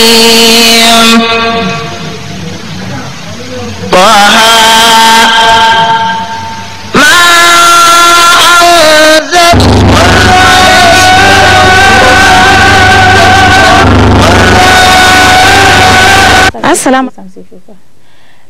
الرجيم طه ما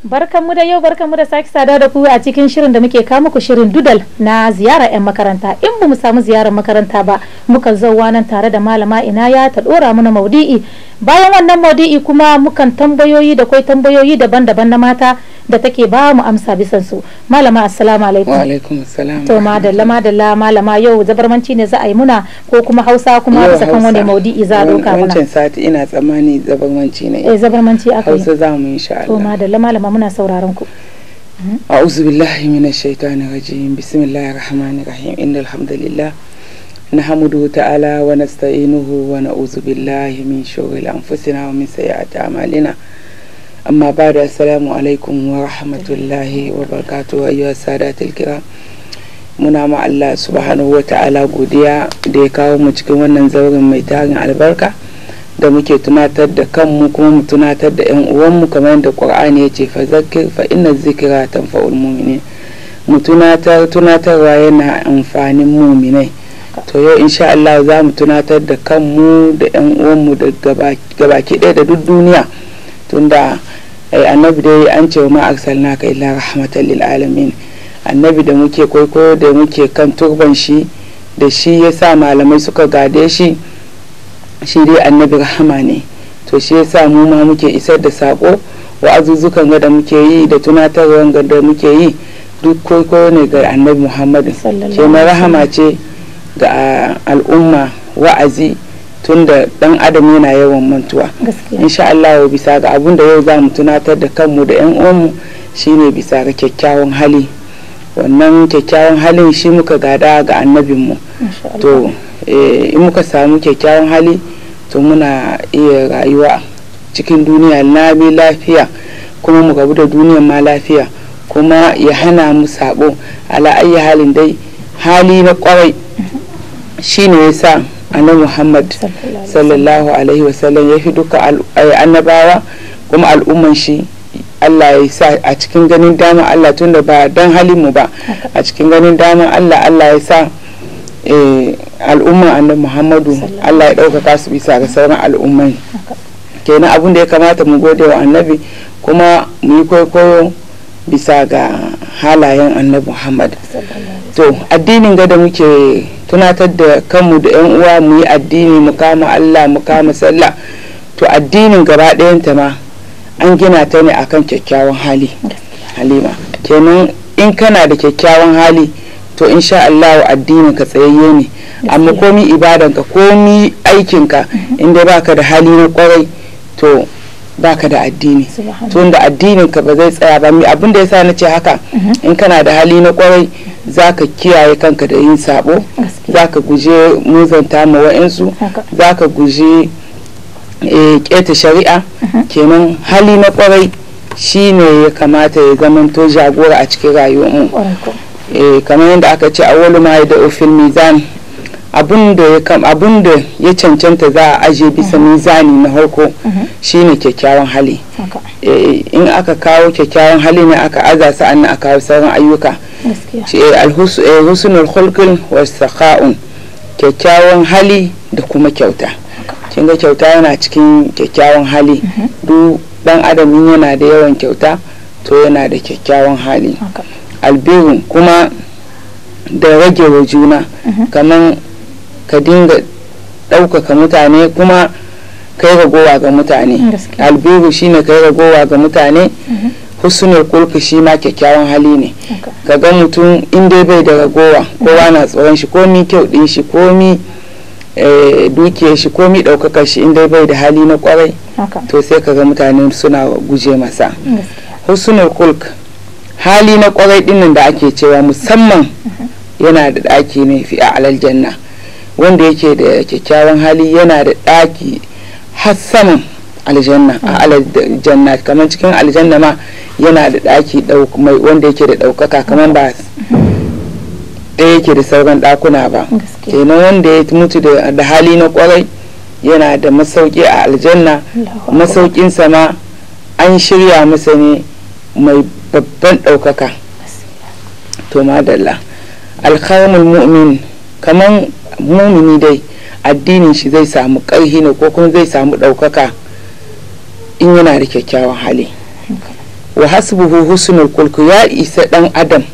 Barkanmu da yau barkanmu da sake sada da ku a cikin shirin da muke kama ku shirin dudal na ziyara 'yan makaranta in ba mu samu ziyarar makaranta ba mukan zauwa nan tare da malama ina ya ta dora mana maudi'i bayan wannan maudu'i kuma mukan tambayoyi da kwai tambayoyi daban-daban na mata da take ba mu amsa bisan su malama assalamu alaikum wa alaikum assalam to madalla madalla malama yau zabarmanci ne za a yi muna ko kuma hausa kuma bisa kan wani maudu'i za a doka mana wancan sati ina tsammani zabarmanci ne eh zabarmanci aka yi hausa za mu insha Allah to madalla malama muna sauraron ku a'udhu billahi minash shaitani rajim bismillahir rahmanir rahim innal hamdalillah نحمده تعالى ونستعينه ونعوذ بالله من شرور أنفسنا ومن سيئات أعمالنا أما بعد السلام عليكم ورحمة الله وبركاته أيها السادة الكرام muna ma Allah subhanahu wa ta'ala godiya da ya kawo mu cikin wannan zaurin mai tarin albarka da muke tunatar da kanmu kuma mu tunatar da yan uwanmu kamar yadda Qur'ani ya ce fa zakir fa inna zikra tanfa'ul mu'minin mu tunatar tunatarwa yana amfanin mu'minai to yau insha Allah za mu tunatar da kanmu da 'yan uwanmu da gabaki ɗaya da duk duniya tunda eh, annabi dai an ce ma na ka illa rahmatan lil alamin annabi da muke kwaikwayo da muke kan turban shi da shi ya sa malamai suka gade shi shi dai annabi rahama ne to shi ya sa mu ma muke isar da sako wa'azuzzukan ga da muke yi da tunatarwa ga da muke yi duk kwaikwayo ne ga annabi muhammadu ke rahama ce ga al'umma wa'azi tun da dan adam yana yawan mantuwa insha Allah bisa ga abun da yau za mu tunatar da kanmu da yan uwanmu shine bisa ga kyakkyawan hali wannan kyakkyawan halin shi muka gada ga annabinmu to eh, in muka samu kyakkyawan hali to muna iya rayuwa cikin duniya lami lafiya kuma mu gabu da duniyar ma lafiya kuma ya hana mu sabo ala halin dai hali na kwarai shi ne shine yasa annabi Muhammad sallallahu alaihi wasallam ya fi duka eh, annabawa kuma al'umman shi Allah ya sa a cikin ganin dama Allah tun da ba dan halinmu ba a cikin ganin dama Allah Allah ya sa eh, al'umman annabi Muhammadu Allah ya ɗaukaka su bisa ga sauran al'umman kenan abin da ya kamata mu gode wa annabi kuma mu yi kwaikwayo bisa ga halayen annabi muhammad to addinin ga muke tunatar da kanmu da yan uwa mu yi addini mu kama allah mu kama sallah to addinin gaba ta ma an gina ta ne akan kyakkyawan hali halima kenan in kana da kyakkyawan hali to insha Allah addinin ka tsayayye ne amma komi ibadanka komi aikinka mm-hmm. inda baka da hali na kwarai to baka da addini tun da addinin ka ba zai tsaya ba mi abin da yasa na ce haka mhm. in kana da hali na kwarai zaka kiyaye kanka da yin sabo zaka guje muzanta ma za zaka guje eh, keta shari'a mhm. kenan hali na kwarai shi ne ya kamata ya zamanto jagora a cikin rayuwarmu eh, kamar yadda aka ce awwalu ma da ofin mizan abin da ya cancanta za a aje bisa mhm. mizani na harko mhm. shine kyakkyawan hali eh, in aka kawo kyakkyawan hali ne aka aza sa'an aka kawo sauran ayyuka eh, alhusnul eh, khulqin wa sakha'un kyakkyawan hali da kuma kyauta kin ga kyauta yana cikin kyakkyawan hali mhm. duk dan adam yana da yawan kyauta to yana da kyakkyawan hali albirun kuma da rage wa juna kamar ka dinga ɗaukaka mutane kuma kai ragowa ga mutane mm, albiru shine kai ragowa ga mutane mm-hmm. husnul kulki shi ma kyakkyawan hali ne ka ga mutum inda bai da ragowa mm-hmm. kowa na tsoron shi komi kyau din shi komi eh, dukiyar shi komi ɗaukakar shi inda bai da hali na kwarai to sai ka ga mutane suna guje masa mm, husnul kulk hali na kwarai ɗinnan da ake cewa musamman mm-hmm. yana da ɗaki ne fi a alal janna wanda yake da kyakkyawan hali yana da ɗaki har saman aljanna a aljanna kamar cikin aljanna ma yana da ɗaki wanda yake da ɗaukaka kamar ba ɗaya yake da sauran ɗakuna ba kenan wanda ya mutu da hali na kwarai yana da masauki a aljanna masaukinsa ma an shirya masa ne mai babban ɗaukaka to madalla alkhawamul mu'min kamar mumini dai addinin shi zai samu ƙarfi ne ko kuma zai samu ɗaukaka in yana da kyakkyawan hali wa hasbuhu husnul kulku ya isa dan adam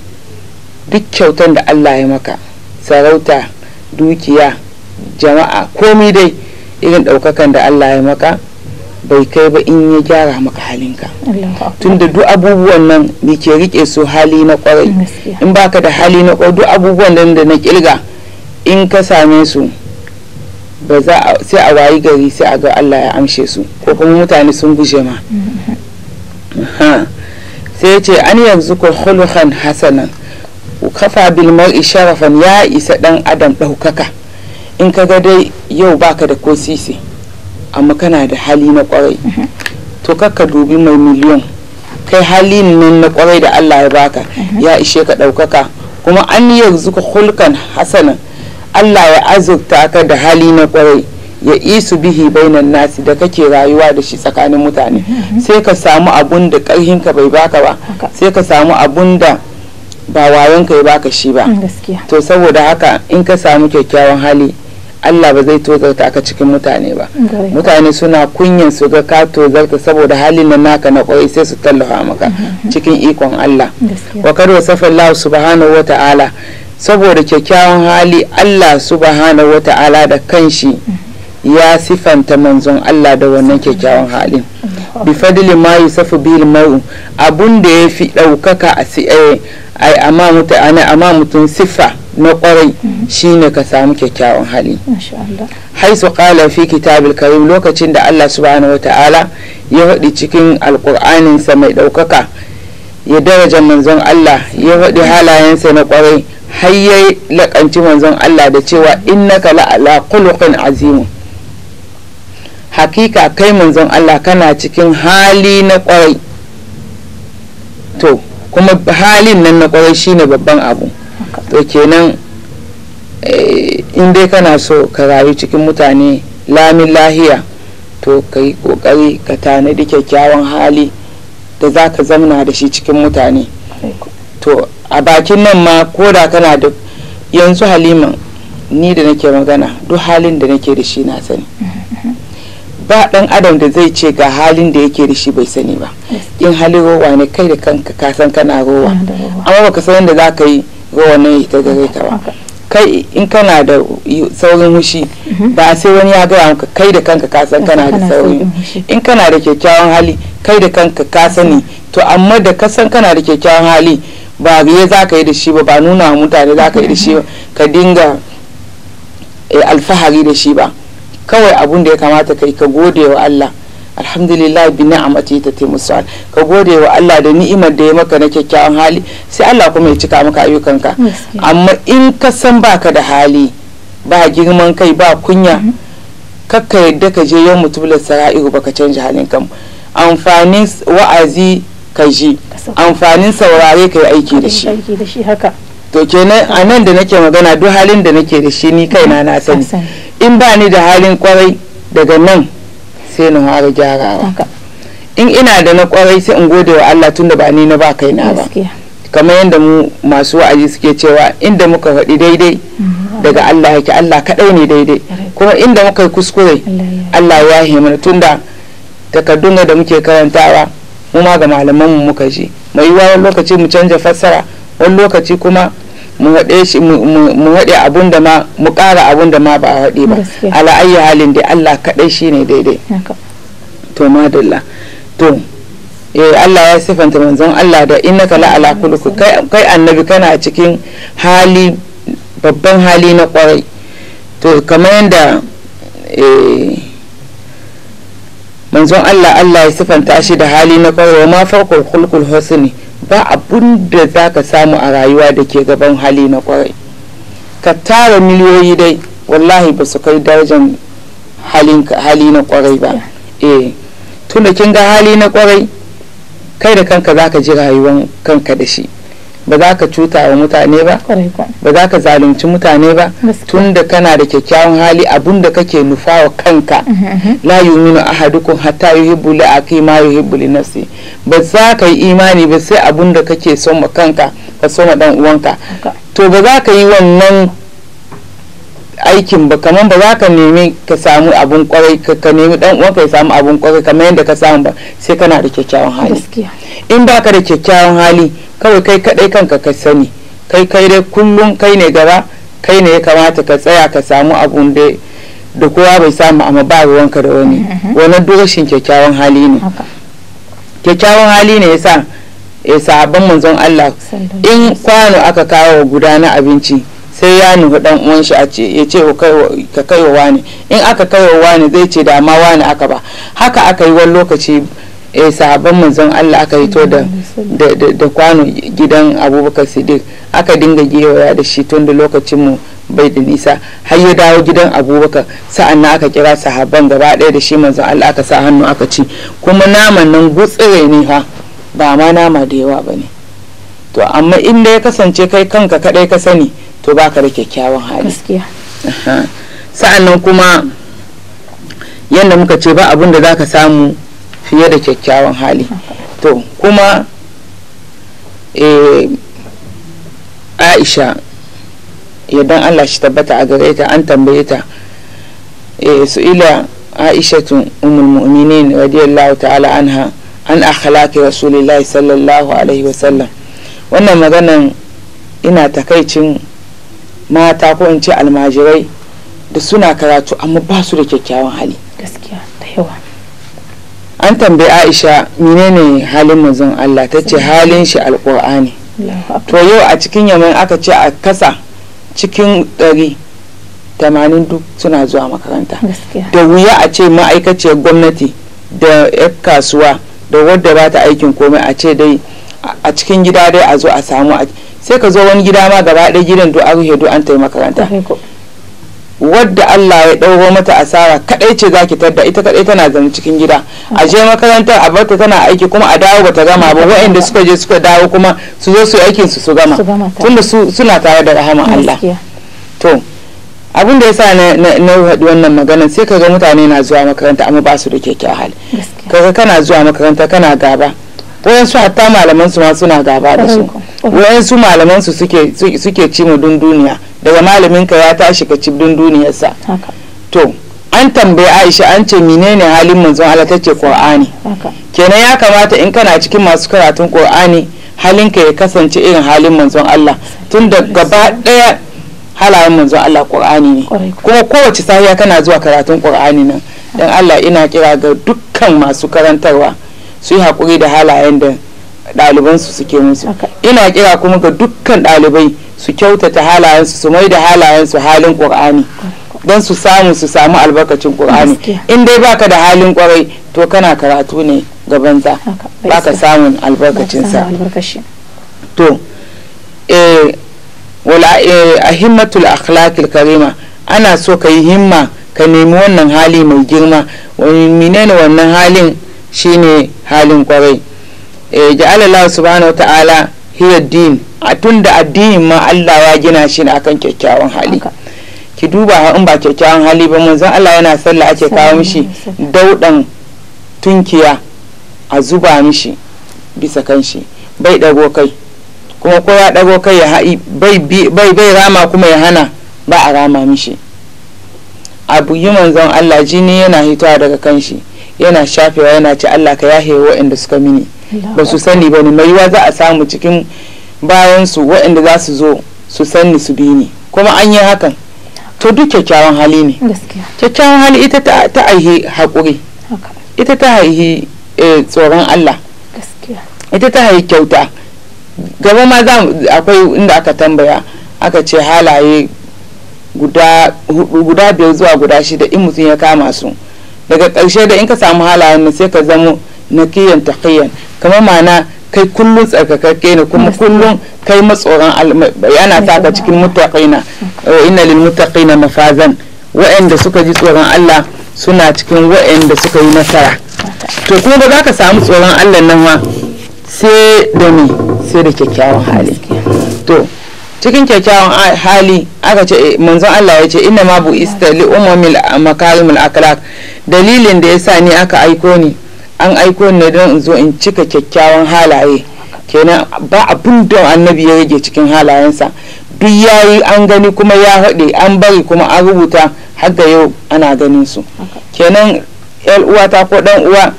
duk kyautan da Allah ya maka sarauta dukiya jama'a komai dai irin ɗaukakan da Allah ya maka bai kai ba in ya gyara maka halinka tunda duk abubuwan nan da ke rike su hali na kwarai in baka da hali na kwarai duk abubuwan nan da na kilga in ka same su ba za sai a wayi gari sai a ga Allah ya amshe su ko kuma mutane sun guje ma sai ya ce an yanzu ko khuluhan hasanan kafa bil mar'i sharafan ya isa dan adam daukaka in ka ga dai yau baka da ko sisi amma kana da hali na kwarai to kakka dubi mai miliyan kai hali nan na kwarai da Allah ya baka ya ishe ka daukaka kuma an yanzu ko hulkan hasanan Allah ya azurta ka da hali na kwarai ya isu bihi bainan nasi da kake rayuwa da shi tsakanin mutane mm-hmm. sai ka samu abun da ka bai baka ba sai ka samu abun da ba wayon ka ya baka shi ba mm, to saboda haka in ka samu kyakkyawan hali Allah ba zai tozarta ka cikin mutane ba mm, mutane suna kunyan su ga ka tozarta saboda halin nan naka na kwai sai su tallafa maka mm-hmm. cikin ikon Allah wa kad safallahu subhanahu wa ta'ala saboda kyakkyawan hali Allah subhanahu wa ta'ala da kanshi ya sifanta manzon Allah da wannan kyakkyawan halin bi fadli ma yusafu bil mau abun da ya fi daukaka a eh, ai amma ana amma mutum sifa na kwarai shine ka samu kyakkyawan hali haisu qala fi kitabil karim lokacin da Allah subhanahu wa ta'ala ya hadi cikin sa mai daukaka ya daraja manzon Allah ya halayen sa na kwarai har ya laƙanci manzon Allah da cewa innaka la'ala khuluqin azimu hakika kai manzon Allah kana cikin hali na kwarai to kuma halin nan na kwarai shine babban abu to kenan eh, in dai kana so ka rayu cikin mutane lamin lahiya to ka yi kokari ka tanadi kyakkyawan hali da za ka zamna da shi cikin mutane to a bakin nan ma ko da kana da yanzu haliman ni da nake magana duk halin da nake da shi na sani ba dan adam da zai ce ga halin da yake da shi bai sani ba in halin rowa ne kai da kanka ka san kana rowa amma baka san yadda za ka yi rowa ne ta gare ka ba kai in kana da saurin wushi mhm. ba sai wani ya gaya maka kai da kanka ka san kana da saurin in kana da kyakkyawan hali kai da kanka ka sani to amma da ka san kana da kyakkyawan hali ba biye za ka yi da shi ba ba nuna mutane za ka yi da shi ba ka dinga eh, alfahari da shi ba kawai abun da ya kamata kai ka gode wa Allah alhamdulillah bi ni'amati ta taimusal ka gode wa Allah da ni'imar da ya maka na kyakkyawan hali sai Allah kuma ya cika maka ayyukanka amma in ka san baka da hali ba girman kai ba kunya mm-hmm. kakka yadda ka je yau mutubular sara'iru baka canja halin kan amfanin wa'azi kai shi amfanin saurare kai aiki da shi haka to kenan a nan da nake magana duk halin da nake da shi ni kaina na sani in ba ni da halin kwarai daga nan sai na fara gyarawa in ina da na kwarai sai in gode wa Allah tunda ba ni na ba kaina ba kamar yadda mu masu wa'azi suke cewa inda muka faɗi daidai mhm. daga Allah yake Allah kaɗai ne daidai kuma inda muka yi kuskure Allah ya mana tunda takardun da muke karantawa mu ma ga malaman mu muka ji mai yiwuwa wani lokaci mu canja fassara wani lokaci kuma mu haɗe shi mu haɗe abun da ma mu ƙara abun da ma ba a haɗe ba ala ayyi halin da Allah kaɗai shine daidai to madalla to eh, Allah ya sifanta manzon Allah da innaka la ala kulku kai annabi kana cikin hali babban hali na kwarai to kamar yadda eh, manzon Allah Allah ya sifanta shi da hali na kwarewa ma farko kulkul husni ba abun da za ka samu a rayuwa da ke gaban hali na kwarai ka tara miliyoyi dai wallahi ba su kai darajar hali na kwarai ba eh tunda kin ga hali na kwarai kai da kanka za ka ji rayuwar kanka da shi ba za ka cuta wa mutane ba ba za ka zalunci mutane ba tun da kana da kyakkyawan hali abun da kake nufa wa kanka mhm, mhm. la yuminu ahadukum hatta yuhibbu li akhi ma yuhibbu li nafsi ba za ka yi imani ba sai abun da kake son ma kanka ka so ma dan uwanka to ba za ka yi wannan aikin ba kamar ba za ka nemi ka samu abun kwarai ka nemi dan uwanka ya samu abun kwarai kamar yadda ka samu ba sai kana da kyakkyawan hali in baka da kyakkyawan hali kawai kai kadai kanka ka sani kai kai dai kullum kai ne gaba kai ne ya kamata ka tsaya ka samu abun da da kowa bai samu amma ba ruwanka da wani mm-hmm. wani doshin kyakkyawan hali ne kyakkyawan hali ne yasa ya sahabban manzon Allah in kwano aka kawo guda na abinci sai ya nufi dan uwan shi ya ce ka kai wa wani in aka kai wa wani zai ce da ma wani aka ba haka aka yi wani lokaci eh sahabban manzon Allah aka hito da da kwano gidan Abubakar Siddiq aka dinga gewaya da shi tun da lokacin mu bai da nisa har ya dawo gidan abubakar sa'an na aka kira sahabban gaba ɗaya da shi manzon Allah aka sa hannu aka ci kuma naman nan gutsire ne ha ba ma nama da yawa ba ne to amma inda ya kasance kai kanka kadai ka sani to baka da kyakkyawan hali sa'an nan kuma yadda muka ce ba abin da zaka samu fiye da kyakkyawan hali to kuma eh, aisha yadan allah shi tabbata a gare ta an tambaye ta eh, su ila aisha tun umul mu'minin radiyallahu ta'ala anha an akhlaqi rasulillahi sallallahu alaihi wasallam wannan maganan ina takaicin mata ko in ce almajirai da suna karatu amma ba su da kyakkyawan hali an tambayi aisha menene halin manzon Allah ta ce halin shi alkur'ani to yau a cikin yamin aka ce a kasa cikin ɗari tamanin duk suna zuwa makaranta da wuya a ce ma'aikaciyar gwamnati da 'yan kasuwa da wadda ba ta aikin komai a ce dai a cikin gida dai a zo a samu sai ka zo wani gida ma gaba ɗaya gidan do an rufe do an taimaka makaranta wadda Allah ya ɗauro mata asara kaɗai ce za ki tadda ita kaɗai tana zama cikin gida a je makarantar a barta tana aiki kuma a dawo bata gama ba waɗanda suka je suka dawo kuma su zo su aikin su su gama tunda suna tare da rahaman Allah to abin da yasa na na haɗu wannan magana sai kaga mutane na zuwa makaranta amma ba su da kyakkyawan hali kaga kana zuwa makaranta kana gaba su hatta malaman su ma suna gaba da su su malaman su suke suke ci mu dunduniya daga malaminka ya tashi ka ci cibdin duniyarsa to an tambayi aisha an ce menene halin manzon Allah tace qur'ani kenan ya kamata in kana cikin masu karatun qur'ani halinka ya kasance irin halin manzon Allah tun da gaba daya halayen manzon Allah qur'ani ne kuma kowace safiya kana zuwa karatun qur'ani nan dan Allah ina kira ga dukkan masu karantarwa su yi hakuri da halayen da ɗalibansu suke musu ina kira kuma ga dukkan ɗalibai su kyautata halayensu su mai da halayensu halin ƙur'ani don su samu su samu albarkacin ƙur'ani in dai baka da halin kwarai to kana karatu ne ga banza baka samun albarkacinsa to eh, a eh, himmatul akhlaqil karima ana so ka yi himma ka nemi wannan hali mai girma menene wannan halin shine halin kwarai eh, ja'ala Allah subhanahu ta'ala. hiya din a tun da addinin ma Allah ya gina shi ne akan kyakkyawan hali ki duba in ba kyakkyawan hali ba manzon Allah yana salla ake kawo mishi daudan tunkiya a zuba mishi bisa kan shi bai dago kai kuma ko ya dago kai ya bai bai rama kuma ya hana ba a rama mishi abu yi manzon Allah jini yana hitowa daga kan shi yana shafewa yana ci Allah ka yahe waɗanda suka mini ba su sani ba ne mai yiwa za a samu cikin bayansu waɗanda za su zo su sani su bi ni kuma an yi hakan to duk kyakkyawan hali ne kyakkyawan hali ita ta aihe haƙuri ita ta haihi eh, tsoron Allah ita ta haihi kyauta gaba ma za akwai inda aka tambaya aka ce halaye guda biyar zuwa guda shida in mutum ya kama su daga ƙarshe da in ka samu halayen sai ka zamo nakiyan taqiyan kamar ma'ana kai kullum tsarkakakke ne kuma kullum kai matsoron yana taka cikin mutaqina inna lil mutaqina mafazan wa'anda suka ji tsoron Allah suna cikin wa'anda suka yi nasara to kuma ba za ka samu tsoron Allah nan ma sai da me sai da kyakkyawan hali to cikin kyakkyawan hali aka ce eh, manzon Allah ya ce inna ma bu istali umamil makarimul akhlaq dalilin da yasa ni aka aiko ni an aiko ne don in zo in cika kyakkyawan halaye kenan ba abin da annabi ya rage cikin halayensa duk yayi an gani kuma ya haɗe an bari kuma an rubuta har da yau ana ganin su kenan yar uwata ko dan uwa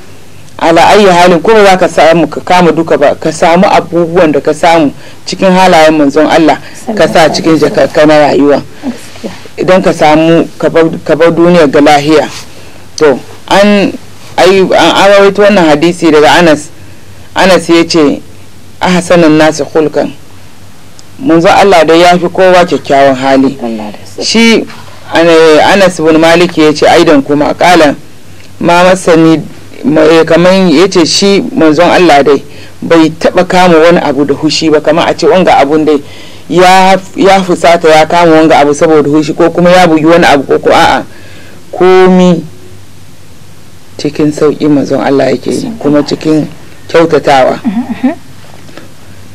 ala ayi halin kuma za ka samu ka kama duka ba ka samu abubuwan da ka samu cikin halayen manzon Allah ka sa cikin jakarka na rayuwa idan ka samu ka bar duniya ga lahiya to an ai an rawaito wannan hadisi daga anas anas ya ce a hasanin nasu hulkan munzo Allah dai ya fi kowa kyakkyawan hali shi anas bin malik ya ce aidan kuma kala ma masani eh, kamar ya ce shi manzon Allah dai bai taba kama wani abu da hushi ba kamar a ce wanga abun dai ya fusata ya kama wanga abu saboda hushi ko kuma ya bugi wani abu ko ko a'a komi cikin sauƙi manzon Allah yake yi kuma cikin kyautatawa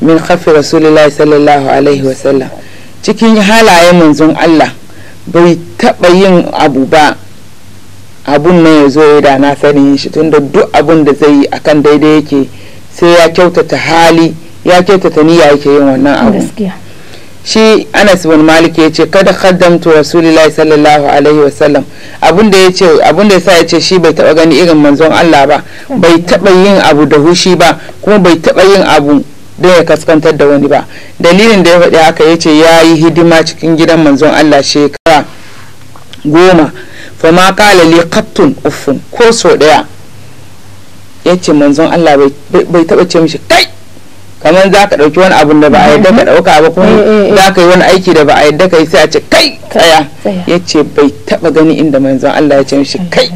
min khafi rasulullahi sallallahu alaihi wasallam cikin halayen manzon Allah bai taɓa yin abu ba abun nan ya zo ya da na sani shi tunda duk abun da zai yi akan daidai yake sai ya kyautata hali ya kyautata niyya yake yin wannan abu shi anas bin malik ya ce kada kaddamtu rasulillahi sallallahu alaihi wa abinda ya ce abinda yasa ya ce shi bai taba gani irin manzon Allah ba bai taba yin abu da hushi ba kuma bai taba yin abu da ya kaskantar da wani ba dalilin da ya faɗi haka ya ce ya yi hidima cikin gidan manzon Allah shekara goma fama kala li qattun uffun ko so daya ya ce manzon Allah bai taba ce mishi kai kamar za ka ɗauki wani abun da ba a yadda ka ɗauka ba kuma eh, eh, eh. za ka yi wani aiki da ba a yadda ka yi sai a ce kai tsaya ya ce bai taɓa gani inda manzon Allah ya ce mishi kai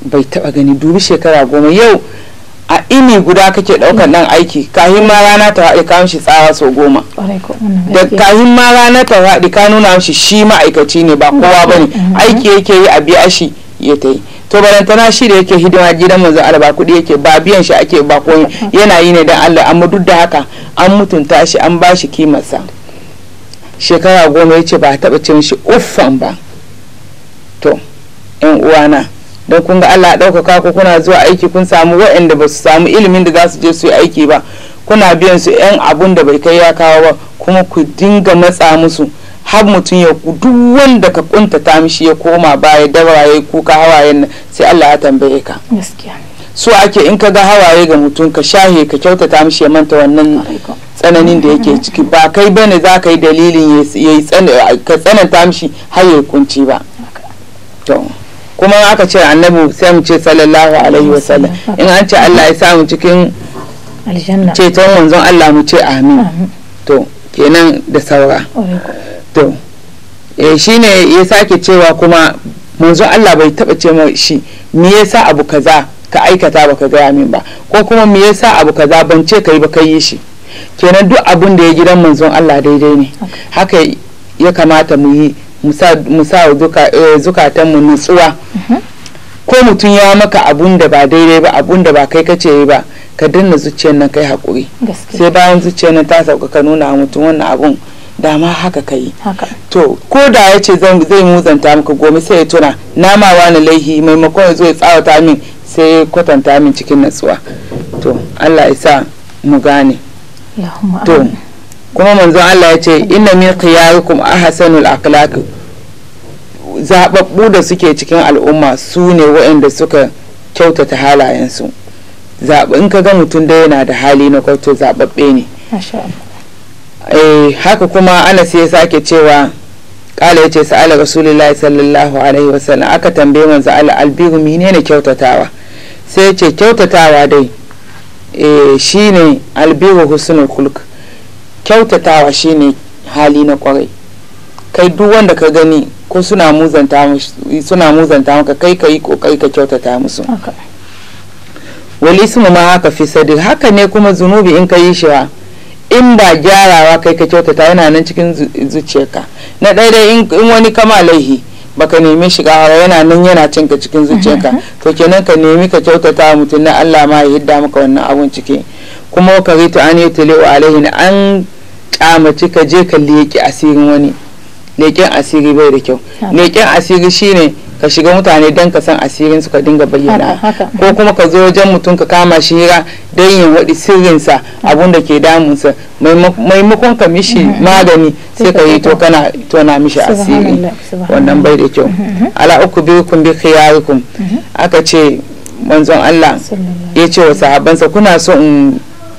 bai taɓa gani dubi shekara goma yau a ini guda kake ɗaukar nan aiki kahin ma rana ta haɗe ka mishi tsawa sau goma da kahin ma rana ta haɗe ka nuna mishi shi ma'aikaci ne ba kowa ba ne mm-hmm. aiki yake yi a biya shi ya ta yi to barantana shi da yake hidima gidan manzo ba kuɗi yake ba biyan shi ake ba komai yana yi ne dan Allah amma duk da haka an mutunta shi an ba shi kimarsa shekara goma ya ce ba taɓa cin shi uffan ba to yan uwana don kun ga Allah ɗaukaka ku kuna zuwa aiki kun samu waɗanda ba su samu ilimin da za su je su yi aiki ba kuna biyan su yan abun da bai kai ya kawo ba kuma ku dinga matsa musu har mutum ya duk wanda ka kuntata mishi ya koma baya dabara kuka hawaye sai Allah ya tambaye ka so ake in ka ga hawaye ga mutum ka shahe ka kyautata mishi ya manta wannan tsananin da yake ciki ba kai bane za ka yi dalilin ka tsananta mishi har ya kunci ba kuma aka ce annabi sai mu ce sallallahu alaihi wasallam in an ce Allah ya samu cikin ceton wanzan Allah mu ce amin to kenan da saura to eh, ne ya sake cewa kuma manzo Allah bai taba ce mai shi me yasa abu kaza ka aikata baka gaya min ba ko kuma me yasa abu kaza ban ce kai ba ka yi shi kenan duk abun da ya gidan manzon Allah daidai ne haka ya kamata mu yi mu sa zukatan mu eh, nutsuwa mhm. ko mutum ya maka abun da ba daidai ba abun da ba kai kace ba ka danna zuciyar nan kai hakuri sai bayan zuciyar nan ta sauka ka nuna mutum wannan abun dama haka ka to ko da ya ce zai muzanta maka gomi sai ya tuna nama wani laihi maimakon ya zo ya tsawata min sai ya kwatanta min cikin natsuwa to allah ya sa mu gane to kuma manzon allah ya ce inna min qiyarukum ahsanul akhlaq zababbu da suke cikin al'umma su ne waɗanda suka kyautata halayensu zaɓi in ka ga mutum da yana da hali na kwato zaɓaɓɓe ne Eh, haka kuma anas ya sake cewa kala yace sa'ala rasulullahi sallallahu alaihi wasallam aka tambaye manzo albiru albihu menene kyautatawa sai yace kyautatawa dai eh shine albiru husnul khuluq kyautatawa shine hali na kwarai kai duk wanda ka gani ko suna muzanta suna muzanta maka kai kai kokari ka kyautata musu wali ismu ma haka fi sadir haka ne kuma zunubi in ka yi shi in ba gyarawa kai ka kyautata yana nan cikin zuciyarka na ɗaya dai in wani kama laihi baka nemi shiga hawa yana nan yana cinka cikin zuciyarka to kenan ka nemi ka kyautata mutum na Allah ma ya hidda maka wannan abun ciki kuma ka rito an yi tale wa na an kyamaci ka je ka leƙi asirin wani leƙen asiri bai da kyau leƙen asiri shine ka shiga mutane don ka san asirin su ka dinga bayyana ko kuma ka zo wajen mutum ka kama shi hira don yin waɗi sirrinsa abun da ke damunsa maimakon ka mishi mm-hmm. magani sai ka yi to kana tona mishi asiri wannan bai da kyau mm-hmm. ala uku bi kun bi khiyarikum mm-hmm. aka ce manzon Allah ya ce wa sahabansa kuna so in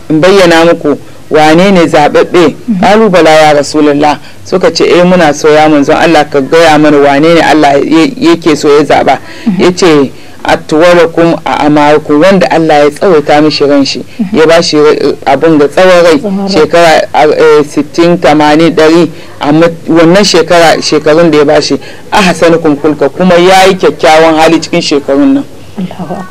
bayyana muku wane ne zaɓaɓɓe ƙalubala ya rasulullah suka ce eh muna so ya manzon Allah ka gaya mana wane ne Allah yake so ya zaɓa mhm. ya ce a amarku wanda Allah ya tsawaita mishi ran shi mhm. ya ba shi abin da tsawon rai shekara 60 80 100 wannan shekara shekarun da ya ba shi hasani kulka kuma ya yi kyakkyawan hali cikin shekarun nan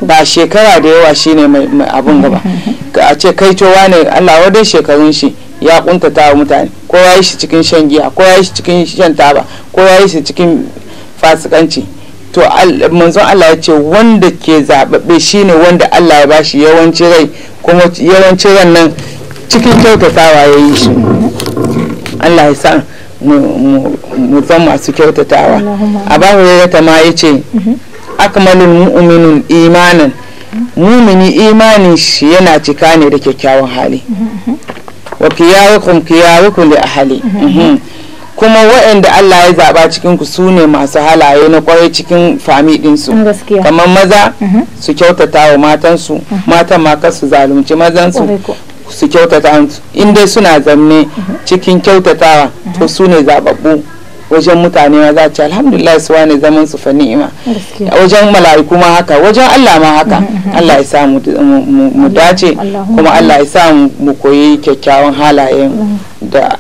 ba shekara da yawa shine mai abin gaba mhm, a ce kai cowa ne Allah wadai shekarun shi ya kuntata wa mutane ko ya yi shi cikin shan giya ko ya yi shi cikin shan taba ko ya yi shi cikin fasikanci to manzon Allah ya ce wanda ke zababbe shine wanda Allah ya bashi yawanci rai kuma yawanci ran nan cikin kyautatawa ya yi shi Allah ya sa mu zan masu kyautatawa a bahu ya ta ma ya ce mhm. akmalul mu'minun imanan mumini imanin shi yana cika ne da kyakkyawan hali wa kiyarukum kiyarukum li ahli mhm. kuma waɗanda Allah ya zaɓa cikin ku su ne masu halaye na kwarai cikin fami ɗinsu mm, kamar maza mhm. su kyautata wa matansu mhm. matan ma su zalunci mazansu su kyautata su dai suna zanne cikin kyautatawa to su ne zaɓaɓɓu wajen mutane ma za ce alhamdulillah su wane zaman su fa ni'ima wajen mala'iku ma haka wajen Allah ma haka mm-hmm, mm-hmm. Allah ya sa mu dace kuma Allah ya sa mu koyi kyakkyawan halayen mm-hmm. da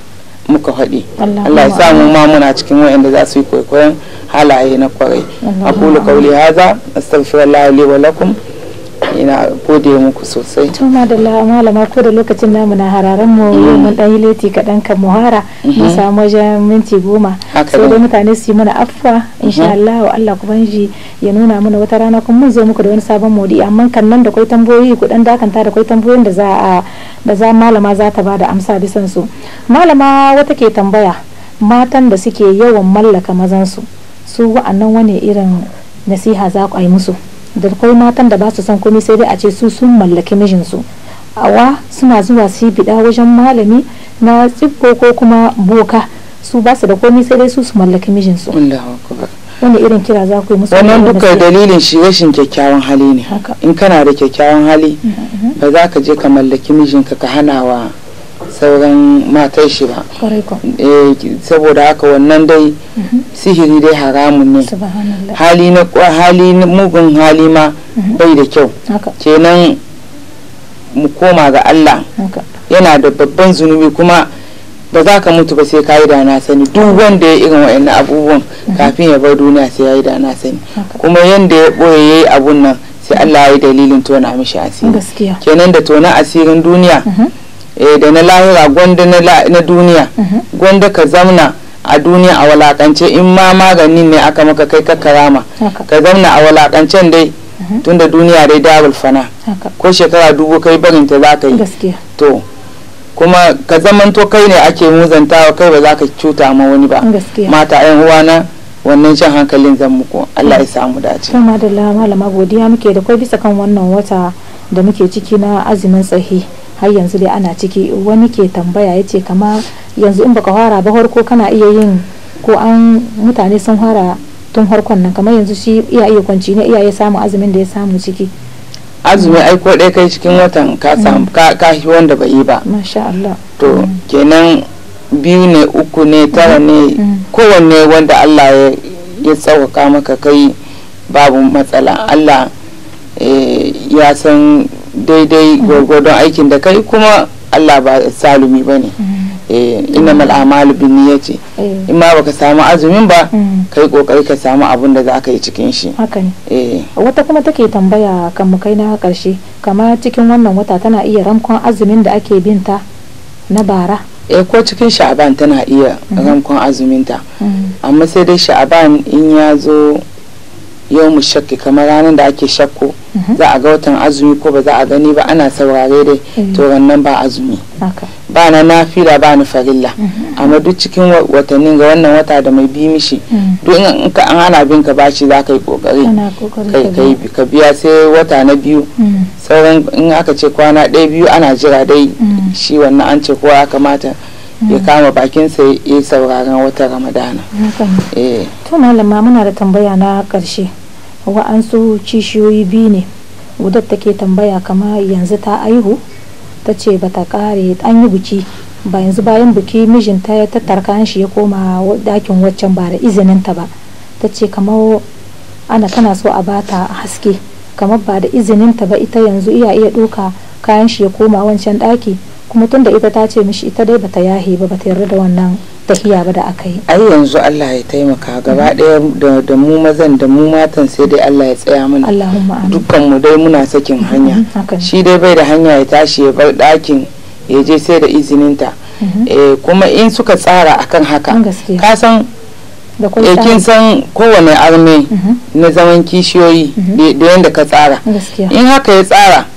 muka haɗi Allah ya sa mu ma muna cikin waɗanda za su yi kwaikwayon halaye na kwarai aqulu qawli hadha astaghfirullah li wa lakum ina gode muku sosai to madalla malama ko da lokacin namu na hararen mu mm. mun dan yi leti kaɗan kan muhara mu mm-hmm. samu wajen minti goma sai dai mutane su yi mana afwa mm-hmm. insha Allah Allah ku banji ya nuna mana wata rana kuma mun zo muku da wani sabon modi amma kan nan da kwai tambayoyi ku dan dakanta da kwai tambayoyin da za a da za malama za ta bada amsa bisan su malama wata ke tambaya matan da suke yawan mallaka mazansu su wa'annan wani irin nasiha za ku yi musu da akwai matan da ba su san komai sai dai a ce su sun mallaki mijinsu awa suna zuwa su yi bida wajen malami na tsibbo ko kuma boka su ba su da komai sai dai su su mallaki mijinsu wani irin kira za ku yi musu wannan duka dalilin shi rashin kyakkyawan hali ne in kana da kyakkyawan hali mm-hmm. ba za ka je ka mallaki mijinka ka hana wa sauran matan shi ba eh, saboda haka wannan dai mhm. sihiri dai haramun ne hali na hali mugun hali ma mhm. bai da kyau kenan mu koma ga Allah yana da babban zunubi kuma ba za ka mutu ba sai ka yi da na sani duk wanda ya irin waɗannan abubuwan mhm. kafin ya bar duniya sai ya yi da na sani kuma yanda ya ɓoye ya yi abun nan sai Allah ya yi dalilin tona mishi asiri kenan da tona asirin duniya Eh, da na lahira gwanda na duniya gwanda ka zamna a duniya a walakance in ma magani ne aka maka kai ka karama ka zamna a walakancen dai mhm. tunda duniya dai darul fana ko shekara dubu kai barin ta za ka yi to kuma ka zamanto kai ne ake muzantawa kai ba za ka cuta ma wani ba mata yan uwana wannan shan hankalin zan muku Allah ya samu dace kuma da malama godiya muke da kai bisa kan wannan wata da muke ciki na azumin tsahi har yanzu dai ana ciki wani ke tambaya ya ce kama yanzu in baka fara ba harko kana iya yin ko an mutane sun fara tun harkon nan kamar yanzu shi iya iya kwanci ne iyaye samu azumin da ya samu ciki azumi ai ko ɗaya kai cikin watan ka mm. samu ka wanda bai yi ba masha to mm. kenan biyu ne uku ne tara ne mm. kowanne wanda Allah ya tsawaka maka kai babu matsala ah. Allah eh, ya san daidai gwargwadon aikin da kai kuma Allah ba salumi ba ne mm. eh, ina mal'amalu bin ya ce eh. in ma baka samu azumin ba mm. kai kokari ka samu abun da za ka yi cikin shi eh. wata kuma take tambaya kan mu kai na karshe kama cikin wannan wata tana iya ramkon azumin da ake binta na bara eh ko cikin sha'aban tana iya mm-hmm. ramkon azuminta mm. amma sai dai sha'aban in ya zo yau mu shakki kamar ranar da ake shakko Mhm. za a ga watan azumi ko ba za a gani ba ana saurare dai eh. to wannan ba azumi ba na nafila ba ni farilla mhm. amma duk cikin watannin ga wannan wata da mai bi mishi mm. duk in ka an ana bin ka bashi za ka yi kokari ka biya sai wata na biyu mm. sauran in aka ce kwana ɗaya biyu ana jira dai mm. shi wannan an ce kowa ya kamata ya kama bakin bakinsa ya sauraren wata ramadana. Eh. to malama muna da tambaya na karshe. wa'ansu kishiyoyi biyu ne ta ke tambaya kamar yanzu ta aihu ta ce ba ta kare an yi buki ba yanzu bayan buki mijinta ya tattara kayan shi ya koma dakin waccan ba da izininta ba ta ce kamar ana kana so a bata haske kamar ba da izininta ba ita yanzu iya iya doka kayan shi ya koma wancan daki kuma tun da ita ta ce mishi ita dai bata yahe ba bata yarda da wannan tafiya ba da aka yi ai yanzu Allah ya taimaka gaba ɗaya da mu mazan da mu matan sai dai Allah ya tsaya mana dukkan mu dai muna sakin hanya mm-hmm, shi dai bai da hanya ya tashi ya bar ɗakin ya je sai da izinin izininta mm-hmm. eh, kuma in suka tsara akan haka mm, ka san e kin san kowane arme mm-hmm. na zaman kishiyoyi da yadda ka tsara in haka ya tsara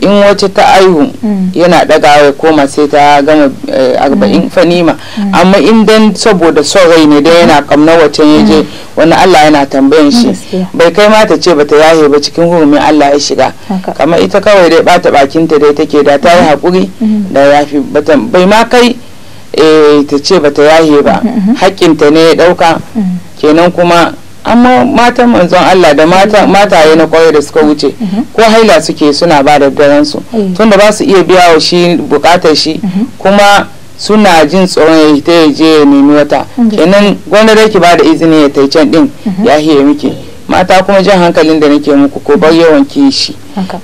in wace ta aihu mm. yana daga ya koma sai ta gama eh, arba'in mm. fanima mm. amma in dan saboda son rai ne dai yana kamna wace ya je wani Allah yana tambayan shi bai kai ma ta ce bata yaye ba cikin hurumin Allah ya shiga kamar ita kawai dai bata bakinta dai take da ta yi hakuri da yafi bai ma kai eh, ta ce bata yaye ba mm-hmm. haƙƙinta ne ya ɗauka kenan kuma amma matan manzon Allah da mata mataye na kwarai da suka wuce mhm. ko haila suke suna ba da daren su eh. tunda ba su iya biya wa shi bukatar shi mhm. kuma suna jin tsoron ya ta ya je ya nemi wata mhm. kenan gwamnati ki ba da izini ya ta can din ya hiye miki mata kuma jan hankalin da nake muku ko bar yawan kishi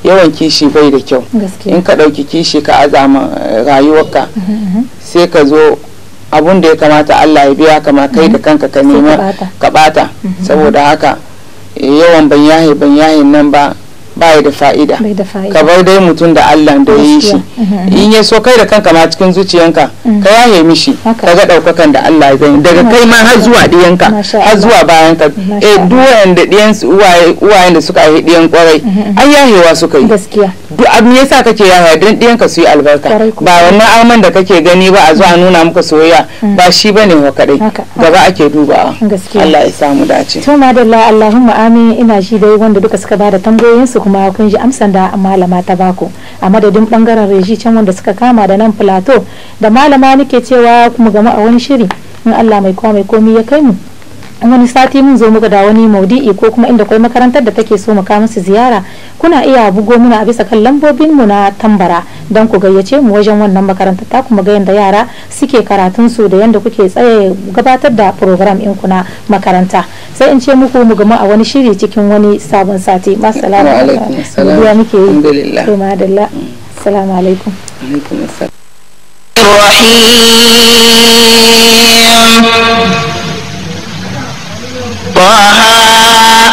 yawan kishi bai da kyau in ka ɗauki kishi ka azama eh, rayuwarka sai ka zo abun da ya kamata Allah ya biya kama kai da mhm. kanka ka nema ka bata mhm. saboda haka yawan ban nan ba baya da fa'ida ka bar dai mutum da Allah da yi shi mhm. in ya so kai da kanka ma cikin zuciyanka ka yaye mishi ka ga daukakan da Allah ya zai daga kai ma har zuwa diyanka har zuwa bayan eh da diyan uwayen da suka yi diyan kwarai an yahewa suka yi gaskiya duk abin yasa kake yaya don ɗiyanka su yi albarka ba wannan aman da kake gani ba a zuwa nuna muka soyayya mm. ba shi ba ne wa kadai gaba ake dubawa Allah ya samu dace to madalla Allahumma amin ina shi dai wanda duka suka bada tambayoyin su kuma kun ji amsan da malama ta bako a madadin bangaren reji can wanda suka kama da nan plateau da malama nake cewa kuma gama a wani shiri in Allah mai kwa mai komi ya kai mu wani sati mun zo muka da wani maudi'i ko kuma inda kwai makarantar da take so mu muka musu ziyara kuna iya bugo muna a bisa kan lambobin mu na tambara don ku gayyace mu wajen wannan makarantar ta kuma ga yanda yara suke karatun su da yanda kuke tsaye gabatar da program in kuna makaranta sai in ce muku mu gama a wani shiri cikin wani sabon sati masalama alaikum muke yi mm. alaikum alaikum assalam Bye.